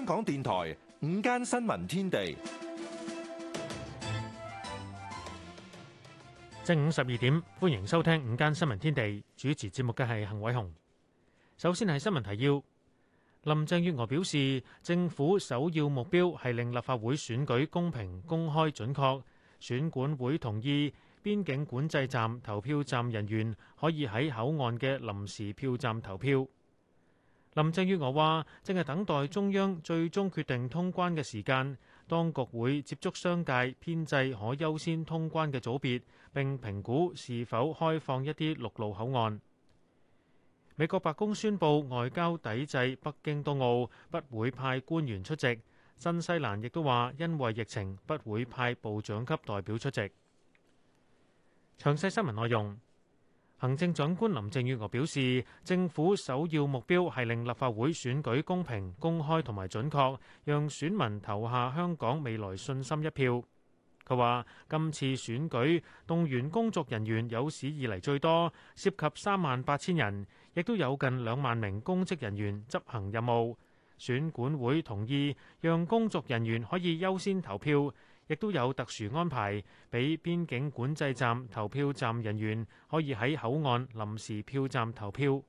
香港電台午間新聞天地，正午十二點，歡迎收聽午間新聞天地。主持節目嘅係恒偉雄。首先係新聞提要。林鄭月娥表示，政府首要目標係令立法會選舉公平、公開、準確。選管會同意邊境管制站投票站人員可以喺口岸嘅臨時票站投票。林鄭月娥話：正係等待中央最終決定通關嘅時間，當局會接觸商界編制可優先通關嘅組別，並評估是否開放一啲陸路口岸。美國白宮宣布外交抵制北京冬奧，不會派官員出席。新西蘭亦都話，因為疫情，不會派部長級代表出席。詳細新聞內容。行政長官林鄭月娥表示，政府首要目標係令立法會選舉公平、公開同埋準確，讓選民投下香港未來信心一票。佢話，今次選舉動員工作人員有史以嚟最多，涉及三萬八千人，亦都有近兩萬名公職人員執行任務。選管會同意讓工作人員可以優先投票。亦都有特殊安排，俾邊境管制站投票站人員可以喺口岸臨時票站投票。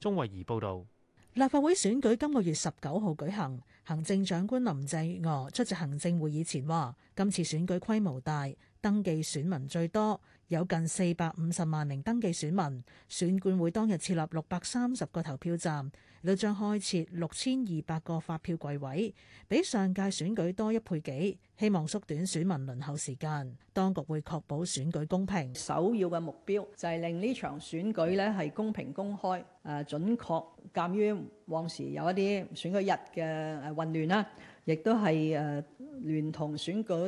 鍾慧儀報道，立法會選舉今個月十九號舉行，行政長官林鄭月娥出席行政會議前話：今次選舉規模大，登記選民最多。有近四百五十萬名登記選民，選管會當日設立六百三十個投票站，都將開設六千二百個發票櫃位，比上屆選舉多一倍幾，希望縮短選民輪候時間。當局會確保選舉公平，首要嘅目標就係令呢場選舉呢係公平、公開、誒準確。鑒於往時有一啲選舉日嘅誒混亂啦，亦都係誒聯同選管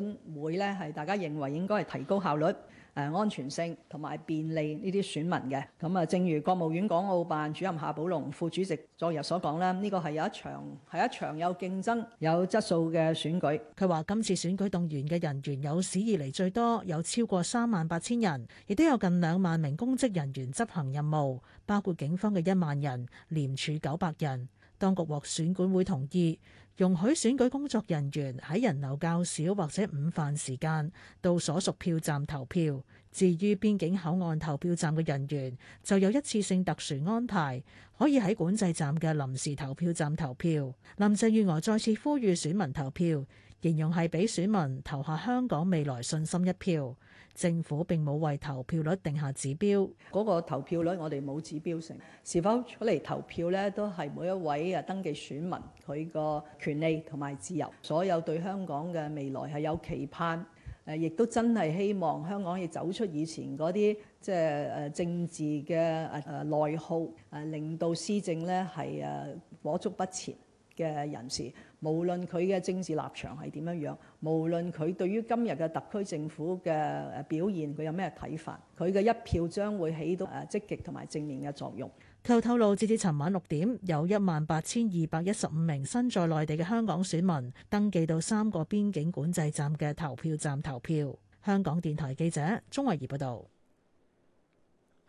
會呢係大家認為應該係提高效率。誒安全性同埋便利呢啲選民嘅咁啊，正如國務院港澳辦主任夏寶龍副主席昨日所講啦，呢個係有一場係一場有競爭、有質素嘅選舉。佢話，今次選舉動員嘅人員有史以嚟最多，有超過三萬八千人，亦都有近兩萬名公職人員執行任務，包括警方嘅一萬人、廉署九百人，當局獲選管會同意。容許選舉工作人員喺人流較少或者午飯時間到所屬票站投票。至於邊境口岸投票站嘅人員，就有一次性特殊安排，可以喺管制站嘅臨時投票站投票。林鄭月娥再次呼籲選民投票。形容係俾選民投下香港未來信心一票，政府並冇為投票率定下指標。嗰個投票率我哋冇指標性，是否出嚟投票呢？都係每一位啊登記選民佢個權利同埋自由。所有對香港嘅未來係有期盼，誒亦都真係希望香港要走出以前嗰啲即係誒政治嘅誒內耗，誒令到施政呢係誒裹足不前嘅人士。無論佢嘅政治立場係點樣樣，無論佢對於今日嘅特區政府嘅表現佢有咩睇法，佢嘅一票將會起到誒積極同埋正面嘅作用。佢透，透露，截至尋晚六點，有一萬八千二百一十五名身在內地嘅香港選民登記到三個邊境管制站嘅投票站投票。香港電台記者鍾慧儀報道。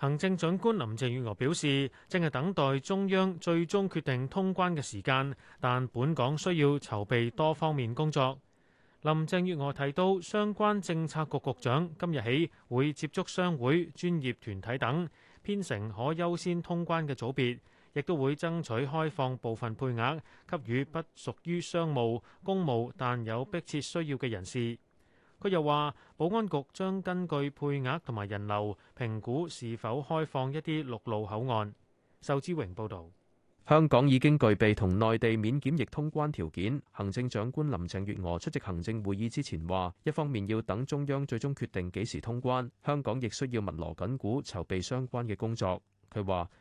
行政長官林鄭月娥表示，正係等待中央最終決定通關嘅時間，但本港需要籌備多方面工作。林鄭月娥提到，相關政策局局長今日起會接觸商會、專業團體等，編成可優先通關嘅組別，亦都會爭取開放部分配額，給予不屬於商務、公務但有迫切需要嘅人士。佢又話，保安局將根據配額同埋人流評估是否開放一啲陸路口岸。仇志榮報導。香港已經具備同內地免檢疫通關條件。行政長官林鄭月娥出席行政會議之前話，一方面要等中央最終決定幾時通關，香港亦需要密鑼緊鼓籌備相關嘅工作。佢話。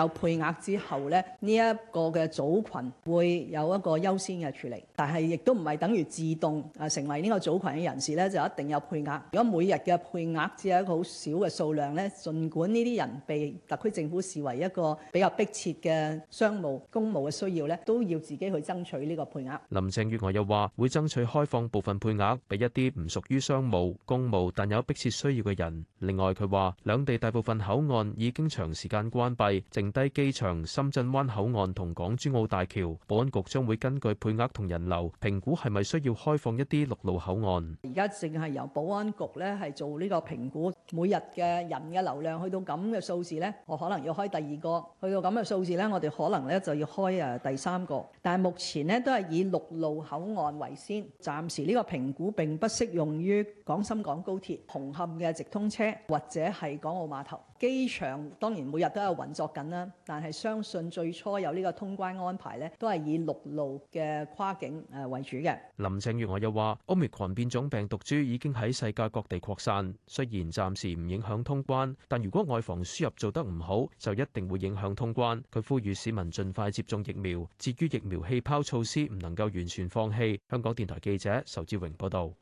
有配額之後呢，呢一個嘅組群會有一個優先嘅處理，但係亦都唔係等於自動啊成為呢個組群嘅人士呢，就一定有配額。如果每日嘅配額只係一個好少嘅數量呢，儘管呢啲人被特區政府視為一個比較迫切嘅商務公務嘅需要呢，都要自己去爭取呢個配額。林鄭月娥又話：會爭取開放部分配額，俾一啲唔屬於商務公務但有迫切需要嘅人。另外，佢話兩地大部分口岸已經長時間關閉，正低機場、深圳灣口岸同港珠澳大橋，保安局將會根據配額同人流評估係咪需要開放一啲陸路口岸。而家淨係由保安局咧係做呢個評估，每日嘅人嘅流量去到咁嘅數字咧，我可能要開第二個；去到咁嘅數字咧，我哋可能咧就要開誒第三個。但係目前咧都係以陸路口岸為先，暫時呢個評估並不適用於廣深港高鐵、紅磡嘅直通車或者係港澳碼頭。機場當然每日都有運作緊啦，但係相信最初有呢個通關安排呢，都係以陸路嘅跨境誒為主嘅。林鄭月娥又話：奧密克戎變種病毒株已經喺世界各地擴散，雖然暫時唔影響通關，但如果外防輸入做得唔好，就一定會影響通關。佢呼籲市民盡快接種疫苗，至於疫苗氣泡措施唔能夠完全放棄。香港電台記者仇志榮報道。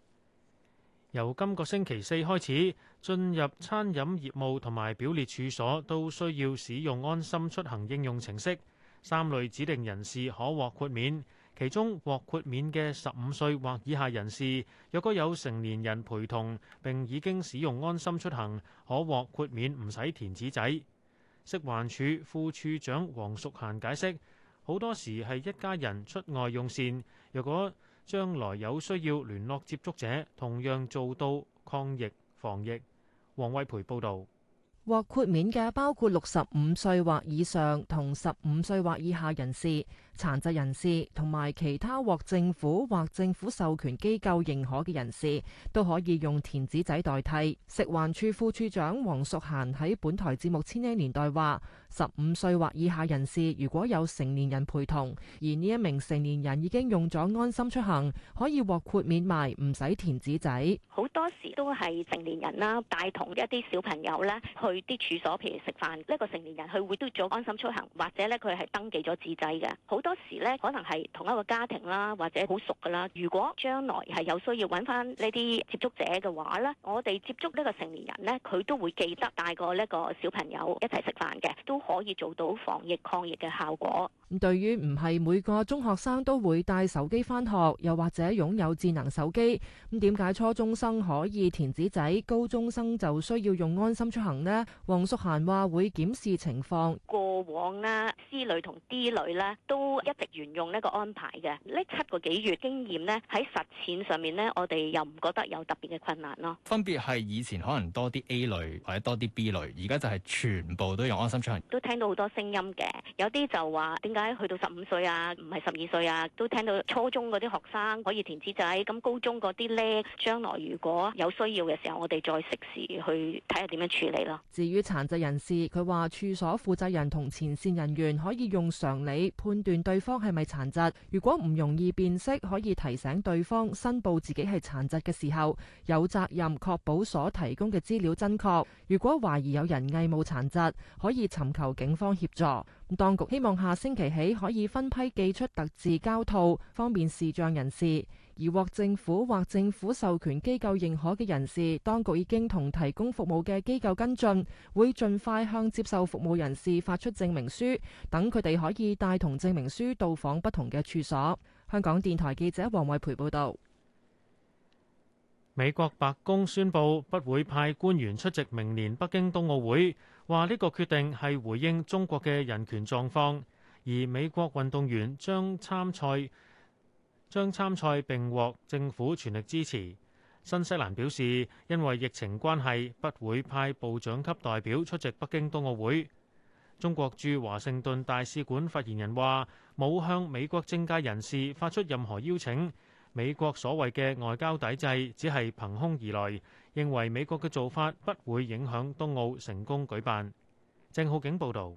由今個星期四開始，進入餐飲業務同埋表列處所都需要使用安心出行應用程式。三類指定人士可獲豁免，其中獲豁免嘅十五歲或以下人士，若果有成年人陪同並已經使用安心出行，可獲豁免唔使填紙仔。食環署副處長黃淑嫻解釋，好多時係一家人出外用膳，若果將來有需要聯絡接觸者，同樣做到抗疫防疫。黃偉培報導，獲豁免嘅包括六十五歲或以上同十五歲或以下人士。殘疾人士同埋其他獲政府或政府授權機構認可嘅人士都可以用填紙仔代替。食環署副署長黃淑嫻喺本台節目《千禧年代》話：十五歲或以下人士如果有成年人陪同，而呢一名成年人已經用咗安心出行，可以獲豁免埋唔使填紙仔。好多時都係成年人啦，帶同一啲小朋友咧去啲處所譬如食飯，呢、呢個成年人佢會嘟咗安心出行，或者呢，佢係登記咗紙仔嘅，好多。多時咧，可能係同一個家庭啦，或者好熟噶啦。如果將來係有需要揾翻呢啲接觸者嘅話咧，我哋接觸呢個成年人咧，佢都會記得帶個呢個小朋友一齊食飯嘅，都可以做到防疫抗疫嘅效果。咁對於唔係每個中學生都會帶手機翻學，又或者擁有智能手機，咁點解初中生可以填紙仔，高中生就需要用安心出行咧？黃淑嫻話會檢視情況，過往咧 C 類同 D 類咧都。一直沿用呢個安排嘅，呢七個幾月經驗咧喺實踐上面咧，我哋又唔覺得有特別嘅困難咯。分別係以前可能多啲 A 類或者多啲 B 類，而家就係全部都用安心出行。都聽到好多聲音嘅，有啲就話點解去到十五歲啊，唔係十二歲啊，都聽到初中嗰啲學生可以填資仔，咁高中嗰啲咧，將來如果有需要嘅時候，我哋再適時去睇下點樣處理咯。至於殘疾人士，佢話處所負責人同前線人員可以用常理判斷。對方係咪殘疾？如果唔容易辨識，可以提醒對方申報自己係殘疾嘅時候，有責任確保所提供嘅資料真確。如果懷疑有人偽冒殘疾，可以尋求警方協助。當局希望下星期起可以分批寄出特製膠套，方便視障人士。而獲政府或政府授權機構認可嘅人士，當局已經同提供服務嘅機構跟進，會盡快向接受服務人士發出證明書，等佢哋可以帶同證明書到訪不同嘅處所。香港電台記者黃惠培報導。美國白宮宣布不會派官員出席明年北京冬奧會，話呢個決定係回應中國嘅人權狀況，而美國運動員將參賽。將參賽並獲政府全力支持。新西蘭表示，因為疫情關係，不會派部長級代表出席北京冬奧會。中國駐華盛頓大使館發言人話：冇向美國政界人士發出任何邀請。美國所謂嘅外交抵制只係憑空而來，認為美國嘅做法不會影響冬奧成功舉辦。鄭浩景報導。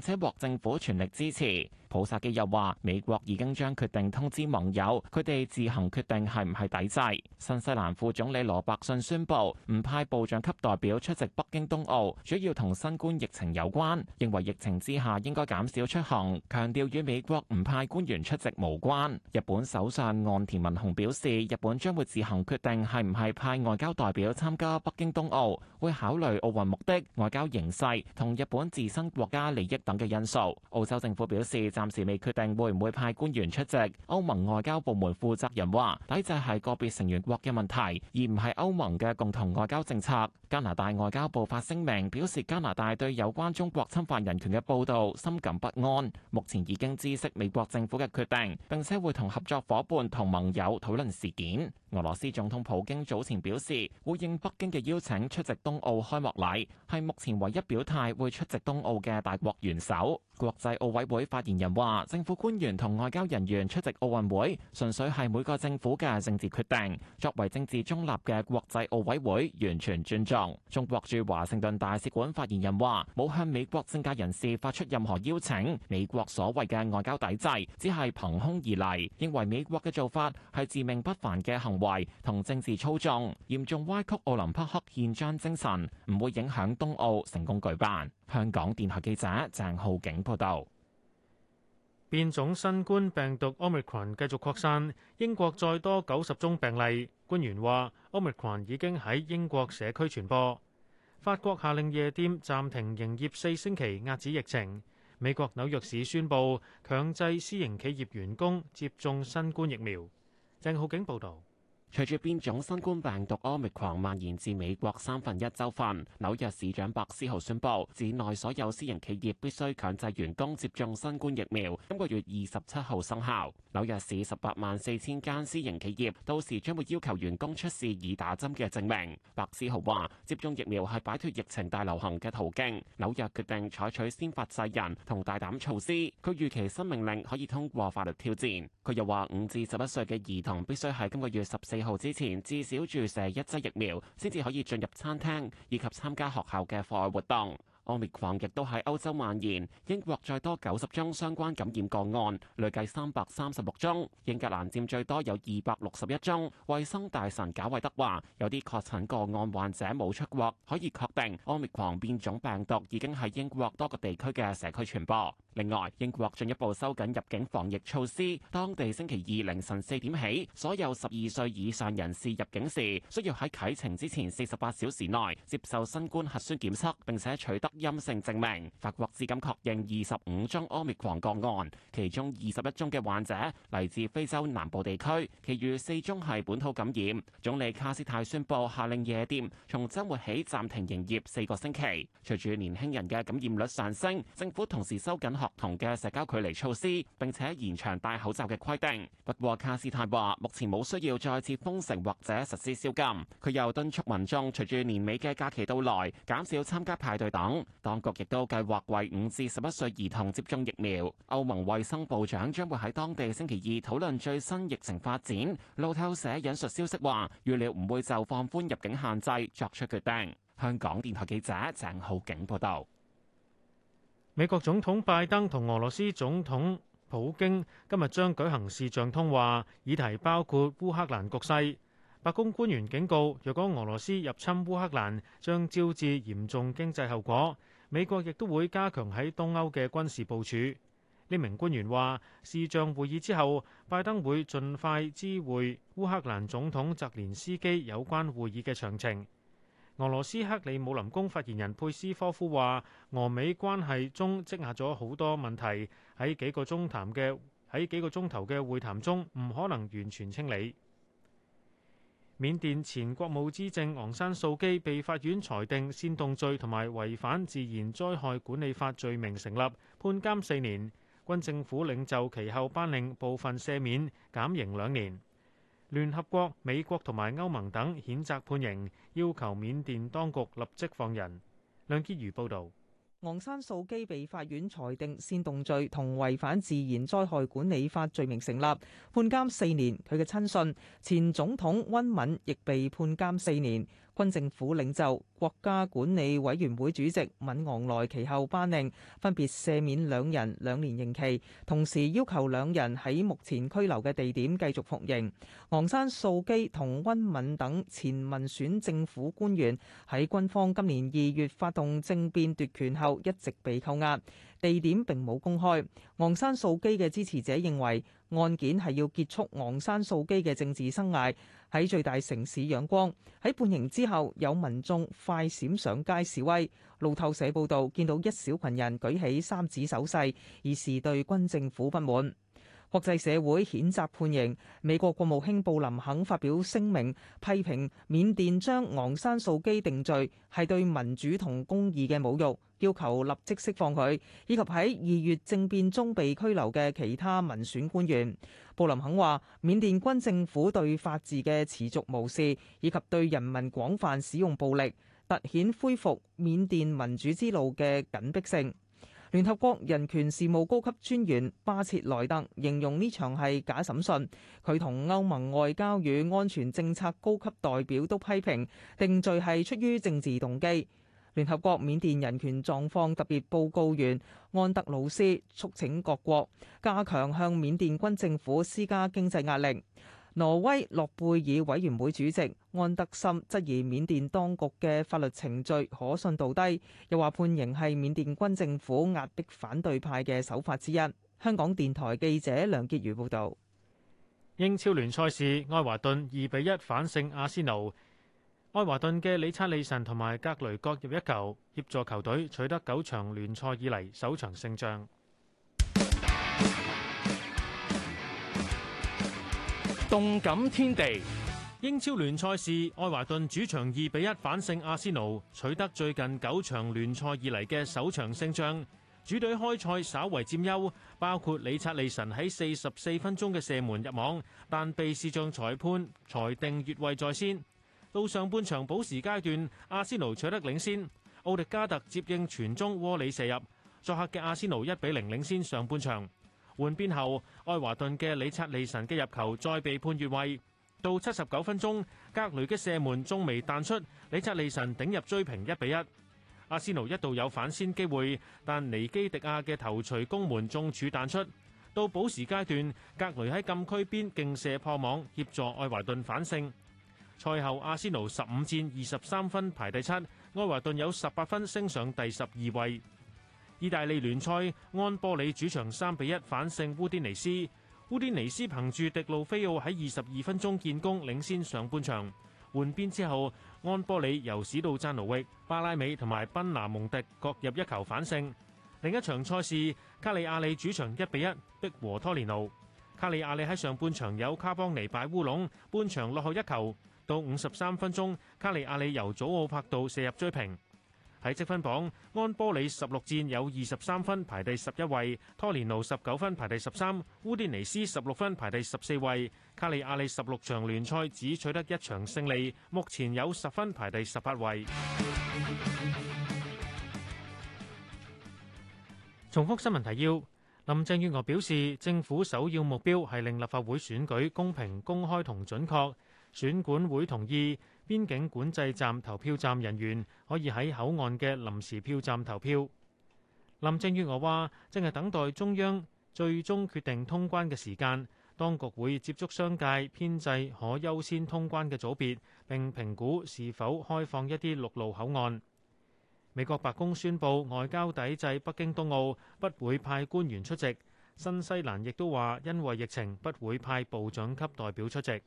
且獲政府全力支持。普薩基又話：美國已經將決定通知盟友，佢哋自行決定係唔係抵制。新西蘭副總理羅伯遜宣布，唔派部長級代表出席北京冬奧，主要同新冠疫情有關，認為疫情之下應該減少出行，強調與美國唔派官員出席無關。日本首相岸田文雄表示，日本將會自行決定係唔係派外交代表參加北京冬奧，會考慮奧運目的、外交形勢同日本自身國家利益等嘅因素。澳洲政府表示，暫時未決定會唔會派官員出席。歐盟外交部門負責人話：抵制係個別成員國嘅問題，而唔係歐盟嘅共同外交政策。加拿大外交部發聲明表示：加拿大對有關中國侵犯人權嘅報道深感不安，目前已經知悉美國政府嘅決定，並且會同合作伙伴同盟友討論事件。俄羅斯總統普京早前表示，會應北京嘅邀請出席冬奧開幕禮，係目前唯一表態會出席冬奧嘅大國元首。國際奧委會發言人。話政府官員同外交人員出席奧運會，純粹係每個政府嘅政治決定。作為政治中立嘅國際奧委會，完全尊重。中國駐華盛頓大使館發言人話：冇向美國政界人士發出任何邀請。美國所謂嘅外交抵制，只係憑空而嚟，認為美國嘅做法係自命不凡嘅行為同政治操縱，嚴重歪曲奧林匹克憲章精神，唔會影響冬奧成功舉辦。香港電台記者鄭浩景報道。變種新冠病毒 Omicron 繼續擴散，英國再多九十宗病例，官員話 Omicron 已經喺英國社區傳播。法國下令夜店暫停營業四星期壓止疫情。美國紐約市宣布強制私營企業員工接種新冠疫苗。鄭浩景報導。隨住變種新冠病毒奧密克戎蔓延至美國三分一州份，紐約市長白思豪宣布，市內所有私營企業必須強制員工接種新冠疫苗，今個月二十七號生效。紐約市十八萬四千間私營企業到時將會要求員工出示已打針嘅證明。白思豪話：接種疫苗係擺脱疫情大流行嘅途徑。紐約決定採取先發制人同大膽措施，佢預期新命令可以通過法律挑戰。佢又話：五至十一歲嘅兒童必須喺今個月十四二號之前至少注射一劑疫苗，先至可以進入餐廳以及參加學校嘅課外活動。奧密克戎亦都喺歐洲蔓延，英國再多九十宗相關感染個案，累計三百三十六宗。英格蘭佔最多，有二百六十一宗。衛生大臣賈維德話，有啲確診個案患者冇出國，可以確定奧密克戎變種病毒已經喺英國多個地區嘅社區傳播。另外，英國進一步收緊入境防疫措施，當地星期二凌晨四點起，所有十二歲以上人士入境時，需要喺啟程之前四十八小時內接受新冠核酸檢測，並且取得。陰性證明，法國至今確認二十五宗 Omicron 個案，其中二十一宗嘅患者嚟自非洲南部地區，其餘四宗係本土感染。總理卡斯泰宣布下令夜店從周末起暫停營業四個星期。隨住年輕人嘅感染率上升，政府同時收緊學童嘅社交距離措施，並且延長戴口罩嘅規定。不過卡斯泰話，目前冇需要再次封城或者實施宵禁。佢又敦促民眾隨住年尾嘅假期到來，減少參加派對等。當局亦都計劃為五至十一歲兒童接種疫苗。歐盟衛生部長將會喺當地星期二討論最新疫情發展。路透社引述消息話，預料唔會就放寬入境限制作出決定。香港電台記者鄭浩景報道。美國總統拜登同俄羅斯總統普京今日將舉行視像通話，議題包括烏克蘭局勢。白宮官員警告，若果俄羅斯入侵烏克蘭，將招致嚴重經濟後果。美國亦都會加強喺東歐嘅軍事部署。呢名官員話：視像會議之後，拜登會盡快知會烏克蘭總統澤連斯基有關會議嘅詳情。俄羅斯克里姆林宮發言人佩斯科夫話：俄美關係中積壓咗好多問題，喺幾個鐘談嘅喺幾個鐘頭嘅會談中，唔可能完全清理。緬甸前國務資政昂山素基被法院裁定煽動罪同埋違反自然災害管理法罪名成立，判監四年。軍政府領袖其後頒令部分赦免，減刑兩年。聯合國、美國同埋歐盟等譴責判刑，要求緬甸當局立即放人。梁潔如報導。昂山素姬被法院裁定煽動罪同違反自然災害管理法罪名成立，判監四年。佢嘅親信前總統温敏亦被判監四年。軍政府領袖、國家管理委員會主席敏昂萊其後頒令分別赦免兩人兩年刑期，同時要求兩人喺目前拘留嘅地點繼續服刑。昂山素姬同溫敏等前民選政府官員喺軍方今年二月發動政變奪權後一直被扣押，地點並冇公開。昂山素姬嘅支持者認為案件係要結束昂山素姬嘅政治生涯。喺最大城市仰光，喺判刑之後，有民眾快閃上街示威。路透社報道，見到一小群人舉起三指手勢，以示對軍政府不滿。國際社會譴責判刑，美國國務卿布林肯發表聲明，批評緬甸將昂山素姬定罪係對民主同公義嘅侮辱，要求立即釋放佢，以及喺二月政變中被拘留嘅其他民選官員。布林肯話：緬甸軍政府對法治嘅持續無視，以及對人民廣泛使用暴力，突顯恢復緬甸民主之路嘅緊迫性。聯合國人權事務高級專員巴切萊特形容呢場係假審訊，佢同歐盟外交與安全政策高級代表都批評定罪係出於政治動機。聯合國緬甸人權狀況特別報告員安德魯斯促請各國加強向緬甸軍政府施加經濟壓力。挪威諾貝爾委員會主席安德森質疑緬甸當局嘅法律程序可信度低，又話判刑係緬甸軍政府壓迫反對派嘅手法之一。香港電台記者梁潔如報道：英超聯賽事埃華頓二比一反勝阿仙奴，埃華頓嘅理查李神同埋格雷各入一球，協助球隊取得九場聯賽以嚟首場勝仗。動感天地，英超聯賽是愛華頓主場二比一反勝阿仙奴，取得最近九場聯賽以嚟嘅首場勝仗。主隊開賽稍為佔優，包括理察利神喺四十四分鐘嘅射門入網，但被視像裁判裁定越位在先。到上半場補時階段，阿仙奴取得領先，奧迪加特接應傳中窩裏射入，作客嘅阿仙奴一比零領先上半場。換邊後，愛華頓嘅李察利臣嘅入球再被判越位。到七十九分鐘，格雷嘅射門仲未彈出，李察利臣頂入追平一比一。阿仙奴一度有反先機會，但尼基迪亞嘅頭槌攻門中柱彈出。到補時階段，格雷喺禁區邊勁射破網，協助愛華頓反勝。賽後，阿仙奴十五戰二十三分排第七，愛華頓有十八分升上第十二位。意大利聯賽，安波里主場三比一反勝烏甸尼斯。烏甸尼斯憑住迪路菲奧喺二十二分鐘建功，領先上半場。換邊之後，安波里由史道贊奴域、巴拉美同埋賓拿蒙迪各入一球反勝。另一場賽事，卡里亞里主場一比一逼和拖連奴。卡里亞里喺上半場有卡邦尼擺烏龍，半場落後一球。到五十三分鐘，卡里亞里由祖奧帕杜射入追平。喺積分榜，安波里十六戰有二十三分，排第十一位；托連奴十九分，排第十三；烏迪尼斯十六分，排第十四位；卡利亞利十六場聯賽只取得一場勝利，目前有十分，排第十八位。重複新聞提要：林鄭月娥表示，政府首要目標係令立法會選舉公平、公開同準確，選管會同意。邊境管制站投票站人員可以喺口岸嘅臨時票站投票。林鄭月娥話：正係等待中央最終決定通關嘅時間，當局會接觸商界編制可優先通關嘅組別，並評估是否開放一啲陸路口岸。美國白宮宣布外交抵制北京冬奧，不會派官員出席。新西蘭亦都話因為疫情不會派部長級代表出席。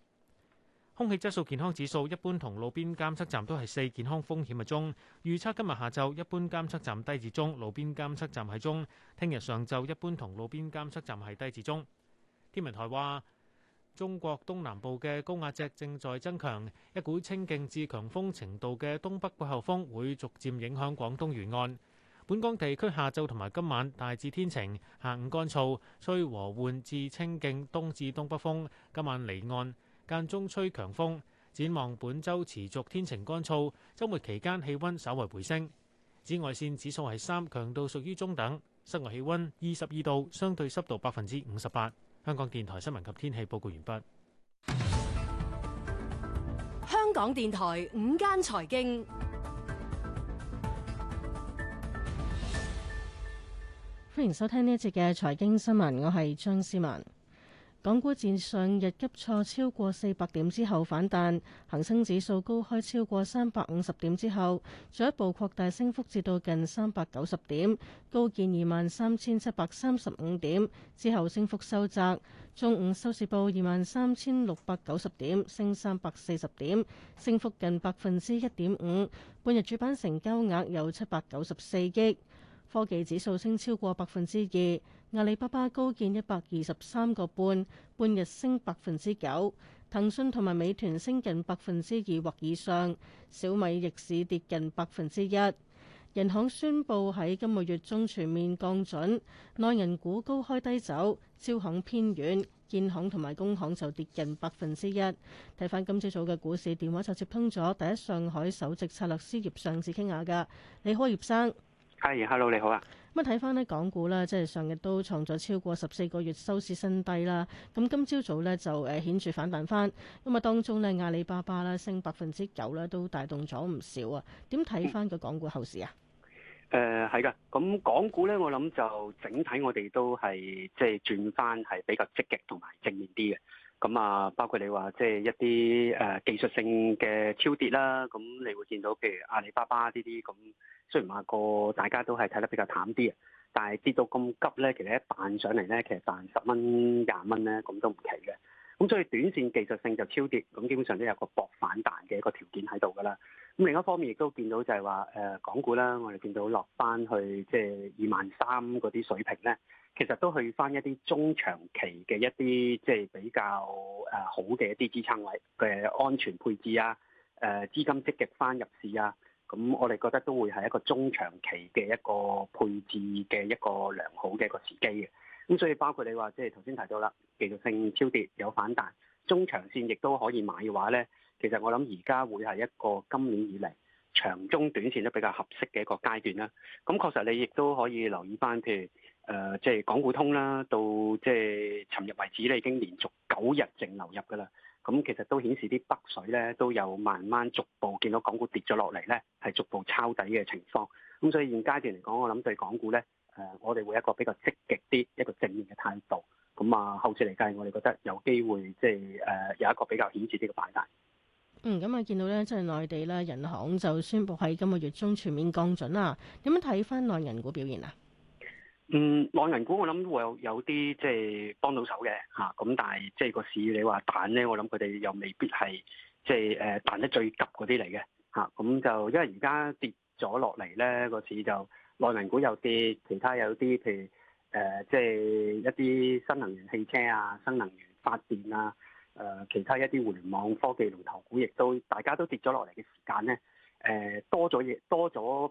空氣質素健康指數一般同路邊監測站都係四健康風險嘅中預測今日下晝一般監測站低至中，路邊監測站係中。聽日上晝一般同路邊監測站係低至中。天文台話，中國東南部嘅高壓脊正在增強，一股清勁至強風程度嘅東北季候風會逐漸影響廣東沿岸。本港地區下晝同埋今晚大致天晴，下午乾燥，吹和緩至清勁東至東北風，今晚離岸。間中吹強風，展望本周持續天晴乾燥，周末期間氣溫稍為回升。紫外線指數係三，強度屬於中等。室外氣溫二十二度，相對濕度百分之五十八。香港電台新聞及天氣報告完畢。香港電台午間財經，歡迎收聽呢一節嘅財經新聞，我係張思文。港股佔上日急挫超過四百點之後反彈，恒生指數高開超過三百五十點之後，進一步擴大升幅至到近三百九十點，高見二萬三千七百三十五點之後升幅收窄，中午收市報二萬三千六百九十點，升三百四十點，升幅近百分之一點五。半日主板成交額有七百九十四億，科技指數升超過百分之二。阿里巴巴高見一百二十三個半，半日升百分之九。騰訊同埋美團升近百分之二或以上，小米逆市跌近百分之一。銀行宣布喺今個月中全面降準。內銀股高開低走，招行偏軟，建行同埋工行就跌近百分之一。睇翻今朝早嘅股市，電話就接通咗第一上海首席策略師葉尚志傾下噶，你好葉生。係，hello，你好啊。咁睇翻呢港股啦，即係上日都創咗超過十四個月收市新低啦。咁今朝早咧就誒顯著反彈翻。咁啊，當中咧阿里巴巴啦升百分之九啦，都帶動咗唔少啊。點睇翻個港股後市啊？誒係嘅。咁、呃、港股咧，我諗就整體我哋都係即係轉翻係比較積極同埋正面啲嘅。咁啊，包括你話即係一啲誒、呃、技術性嘅超跌啦。咁你會見到譬如阿里巴巴呢啲咁。雖然話個大家都係睇得比較淡啲啊，但係跌到咁急咧，其實一彈上嚟咧，其實彈十蚊、廿蚊咧，咁都唔奇嘅。咁所以短線技術性就超跌，咁基本上都有個博反彈嘅一個條件喺度㗎啦。咁另一方面亦都見到就係話誒港股啦，我哋見到落翻去即係二萬三嗰啲水平咧，其實都去翻一啲中長期嘅一啲即係比較誒好嘅一啲支撐位嘅、就是、安全配置啊，誒、呃、資金積極翻入市啊。咁我哋覺得都會係一個中長期嘅一個配置嘅一個良好嘅一個時機嘅，咁所以包括你話即係頭先提到啦，技術性超跌有反彈，中長線亦都可以買嘅話呢，其實我諗而家會係一個今年以嚟長中短線都比較合適嘅一個階段啦。咁確實你亦都可以留意翻，譬如誒，即係港股通啦，到即係尋日為止你已經連續九日淨流入㗎啦。咁其實都顯示啲北水咧都有慢慢逐步見到港股跌咗落嚟咧，係逐步抄底嘅情況。咁所以現階段嚟講，我諗對港股咧，誒、呃，我哋會一個比較積極啲一,一個正面嘅態度。咁啊，後市嚟計，我哋覺得有機會即係誒有一個比較顯著啲嘅反彈。嗯，咁啊，見到咧，即、就、係、是、內地啦，銀行就宣布喺今個月中全面降準啦。點樣睇翻內銀股表現啊？嗯，內銀股我諗會有有啲即係幫到手嘅嚇，咁、啊、但係即係個市你話彈咧，我諗佢哋又未必係即係誒彈得最急嗰啲嚟嘅嚇，咁、啊、就因為而家跌咗落嚟咧，個市就內銀股又跌，其他有啲譬如誒，即、呃、係、就是、一啲新能源汽車啊、新能源發電啊，誒、呃、其他一啲互聯網科技龍頭股亦都大家都跌咗落嚟嘅時間咧，誒多咗嘢，多咗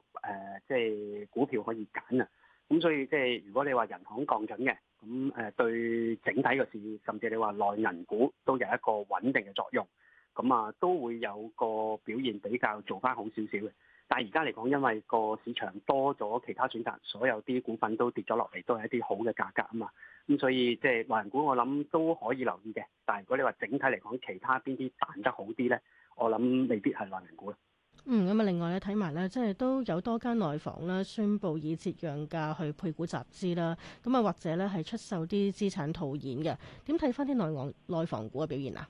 誒即係股票可以揀啊。咁所以即係如果你話人行降緊嘅，咁誒對整體個市，甚至你話內銀股都有一個穩定嘅作用，咁啊都會有個表現比較做返好少少嘅。但係而家嚟講，因為個市場多咗其他選擇，所有啲股份都跌咗落嚟，都係一啲好嘅價格啊嘛。咁所以即係內銀股，我諗都可以留意嘅。但係如果你話整體嚟講，其他邊啲彈得好啲咧，我諗未必係內銀股啦。嗯，咁啊，另外咧睇埋咧，即係都有多間內房咧宣布以折讓價去配股集資啦，咁啊或者咧係出售啲資產套現嘅。點睇翻啲內房內房股嘅表現啊？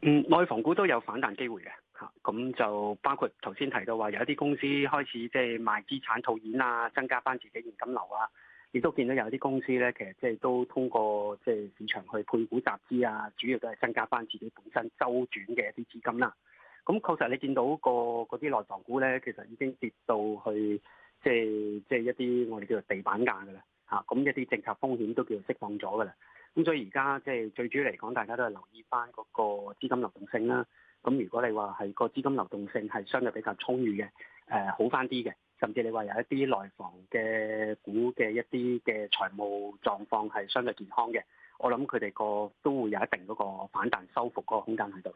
嗯，內房股都有反彈機會嘅吓，咁就包括頭先提到話有一啲公司開始即係賣資產套現啊，增加翻自己現金流啊，亦都見到有啲公司咧其實即係都通過即係市場去配股集資啊，主要都係增加翻自己本身周轉嘅一啲資金啦。咁確實，你見到個嗰啲內房股咧，其實已經跌到去，即係即係一啲我哋叫做地板價嘅啦，嚇、嗯！咁一啲政策風險都叫做釋放咗嘅啦。咁、嗯、所以而家即係最主要嚟講，大家都係留意翻嗰個資金流動性啦。咁如果你話係、嗰個資金流動性係相對比較充裕嘅，誒、呃、好翻啲嘅，甚至你話有一啲內房嘅股嘅一啲嘅財務狀況係相對健康嘅，我諗佢哋個都會有一定嗰個反彈收復嗰個空間喺度。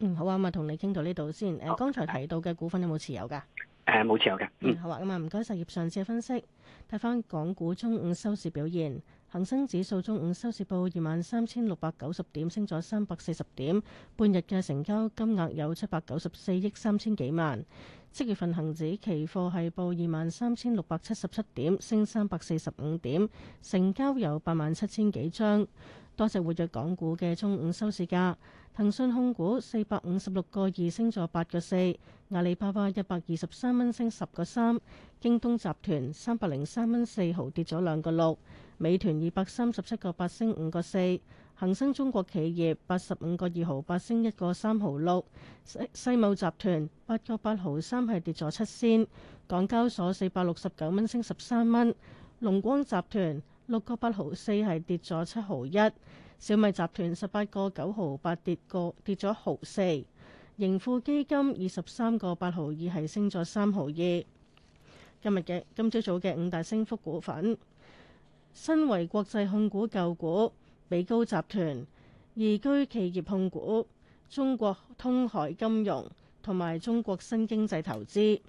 嗯，好啊，咁、呃、啊，同你傾到呢度先。誒，剛才提到嘅股份有冇持有㗎？誒、啊，冇持有嘅。嗯，嗯，好啊，咁啊，唔該曬葉上次嘅分析。睇翻港股中午收市表現，恒生指數中午收市報二萬三千六百九十點，升咗三百四十點。半日嘅成交金額有七百九十四億三千幾萬。七月份恒指期貨係報二萬三千六百七十七點，升三百四十五點，成交有八萬七千幾張。多隻活躍港股嘅中午收市價，騰訊控股四百五十六個二升咗八個四，阿里巴巴一百二十三蚊升十個三，京東集團三百零三蚊四毫跌咗兩個六，美團二百三十七個八升五個四，恒生中國企業八十五個二毫八升一個三毫六，西西武集團八個八毫三係跌咗七仙，港交所四百六十九蚊升十三蚊，龍光集團，六個八毫四係跌咗七毫一，小米集團十八個九毫八跌個跌咗毫四，盈富基金二十三個八毫二係升咗三毫二。今日嘅今朝早嘅五大升幅股份，新為國際控股舊股，美高集團、宜居企業控股、中國通海金融同埋中國新經濟投資。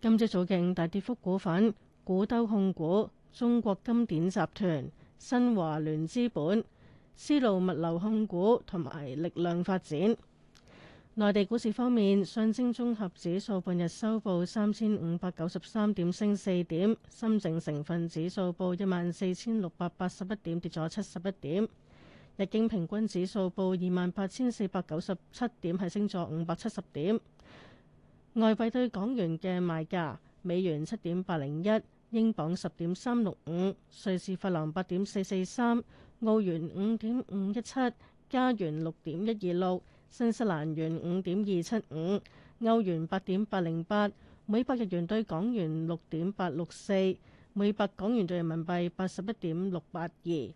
今朝早嘅五大跌幅股份，古兜控股。中國金典集團、新華聯資本、絲路物流控股同埋力量發展。內地股市方面，上證綜合指數半日收報三千五百九十三點，升四點；深證成分指數報一萬四千六百八十一點，跌咗七十一點；日經平均指數報二萬八千四百九十七點，係升咗五百七十點。外幣對港元嘅賣價，美元七點八零一。英鎊十點三六五，瑞士法郎八點四四三，澳元五點五一七，加元六點一二六，新西蘭元五點二七五，歐元八點八零八，每百日元兌港元六點八六四，每百港元兌人民幣八十一點六八二。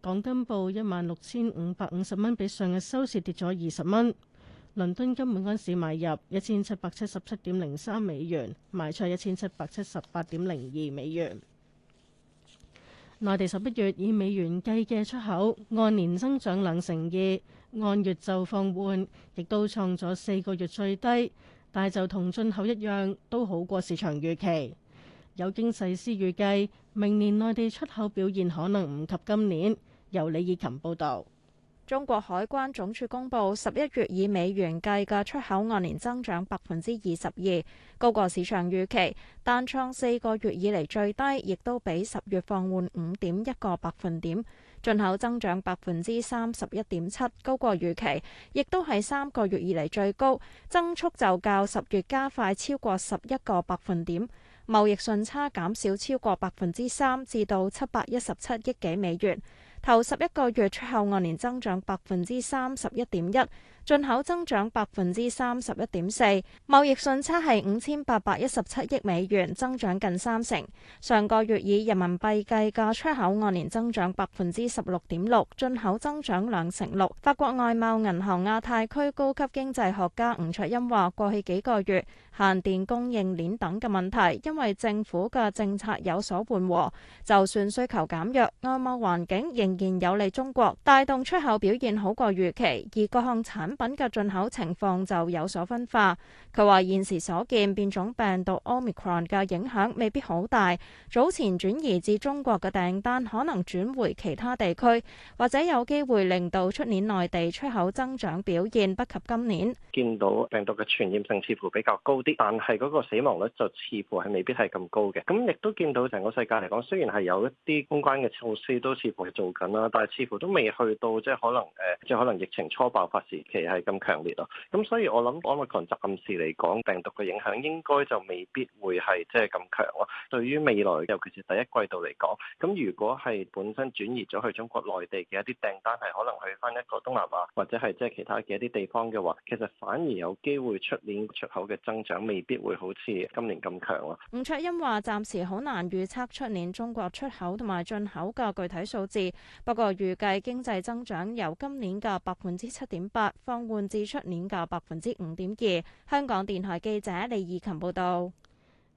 港金報一萬六千五百五十蚊，比上日收市跌咗二十蚊。倫敦金每盎司買入一千七百七十七點零三美元，賣出一千七百七十八點零二美元。內地十一月以美元計嘅出口按年增長兩成二，按月就放緩，亦都創咗四個月最低。但就同進口一樣，都好過市場預期。有經濟師預計明年內地出口表現可能唔及今年。由李以琴報導。中國海關總署公布，十一月以美元計嘅出口按年增長百分之二十二，高過市場預期，但創四個月以嚟最低，亦都比十月放緩五點一個百分點。進口增長百分之三十一點七，高過預期，亦都係三個月以嚟最高，增速就較十月加快超過十一個百分點。貿易順差減少超過百分之三，至到七百一十七億幾美元。頭十一個月出口按年增長百分之三十一點一。進口增長百分之三十一點四，貿易順差係五千八百一十七億美元，增長近三成。上個月以人民幣計價出口按年增長百分之十六點六，進口增長兩成六。法國外貿銀行亞太區高級經濟學家吳卓欣話：過去幾個月限電、供應鏈等嘅問題，因為政府嘅政策有所緩和，就算需求減弱，外貿環境仍然有利中國，帶動出口表現好過預期，而各項產。品嘅進口情況就有所分化。佢話現時所見變種病毒 Omicron 嘅影響未必好大，早前轉移至中國嘅訂單可能轉回其他地區，或者有機會令到出年內地出口增長表現不及今年。見到病毒嘅傳染性似乎比較高啲，但係嗰個死亡率就似乎係未必係咁高嘅。咁亦都見到成個世界嚟講，雖然係有一啲公關嘅措施都似乎係做緊啦，但係似乎都未去到即係可能誒即係可能疫情初爆發時期。係咁強烈咯，咁所以我諗安瓦群暫時嚟講病毒嘅影響應該就未必會係即係咁強咯。對於未來尤其是第一季度嚟講，咁如果係本身轉移咗去中國內地嘅一啲訂單，係可能去翻一個東南亞或者係即係其他嘅一啲地方嘅話，其實反而有機會出年出口嘅增長未必會好似今年咁強咯。吳卓欣話暫時好難預測出年中國出口同埋進口嘅具體數字，不過預計經濟增長由今年嘅百分之七點八。放緩至出年嘅百分之五點二。香港電台記者李義琴報道。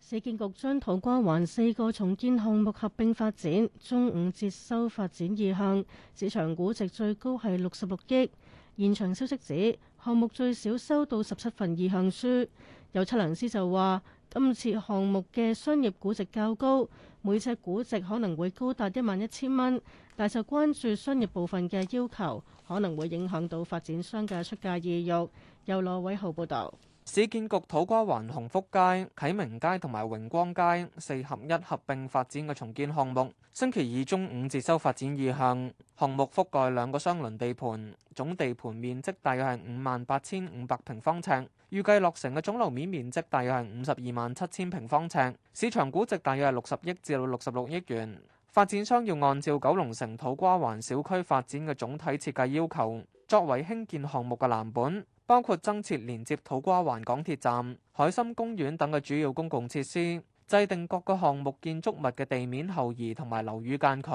市建局將土瓜灣四個重建項目合併發展，中午接收發展意向，市場估值最高係六十六億。現場消息指，項目最少收到十七份意向書，有測量師就話。今次項目嘅商業估值較高，每呎估值可能會高達一萬一千蚊，但就關注商業部分嘅要求，可能會影響到發展商嘅出價意欲。由羅偉浩報導，市建局土瓜灣鴻福街、啟明街同埋榮光街四合一合併發展嘅重建項目。星期二中午接收發展意向項目，覆蓋兩個雙鄰地盤，總地盤面積大約係五萬八千五百平方尺，預計落成嘅總樓面面積大約係五十二萬七千平方尺，市場估值大約係六十億至到六十六億元。發展商要按照九龍城土瓜灣小區發展嘅總體設計要求，作為興建項目嘅藍本，包括增設連接土瓜灣港鐵站、海心公園等嘅主要公共設施。制定各個項目建築物嘅地面後移同埋樓宇間距，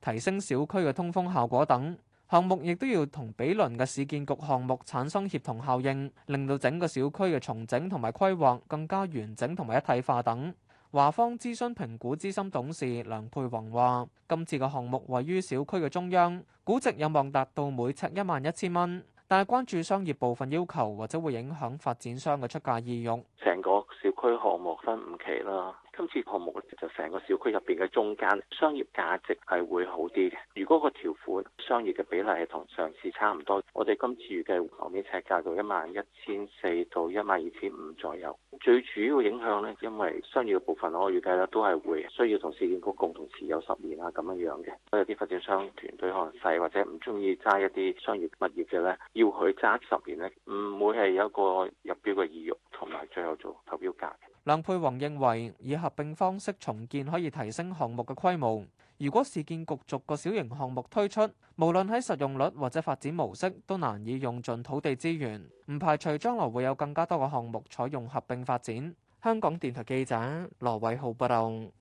提升小區嘅通風效果等。項目亦都要同毗鄰嘅市建局項目產生協同效應，令到整個小區嘅重整同埋規劃更加完整同埋一體化等。華方諮詢評估資深董事梁佩宏話，今次嘅項目位於小區嘅中央，估值有望達到每尺一萬一千蚊，但係關注商業部分要求或者會影響發展商嘅出價意欲。成個。區項目分五期啦，今次項目就成個小區入邊嘅中間商業價值係會好啲嘅。如果個條款商業嘅比例係同上次差唔多，我哋今次預計樓面尺價到一萬一千四到一萬二千五左右。最主要影響呢，因為商業嘅部分啊，我預計咧都係會需要同市建局共同持有十年啊咁樣樣嘅。有啲發展商團隊可能細或者唔中意揸一啲商業物業嘅呢，要佢揸十年呢，唔會係有個入標嘅意欲同埋最後做投標價。梁佩宏認為，以合併方式重建可以提升項目嘅規模。如果市建局逐個小型項目推出，無論喺實用率或者發展模式，都難以用盡土地資源。唔排除將來會有更加多嘅項目採用合併發展。香港電台記者羅偉豪報道。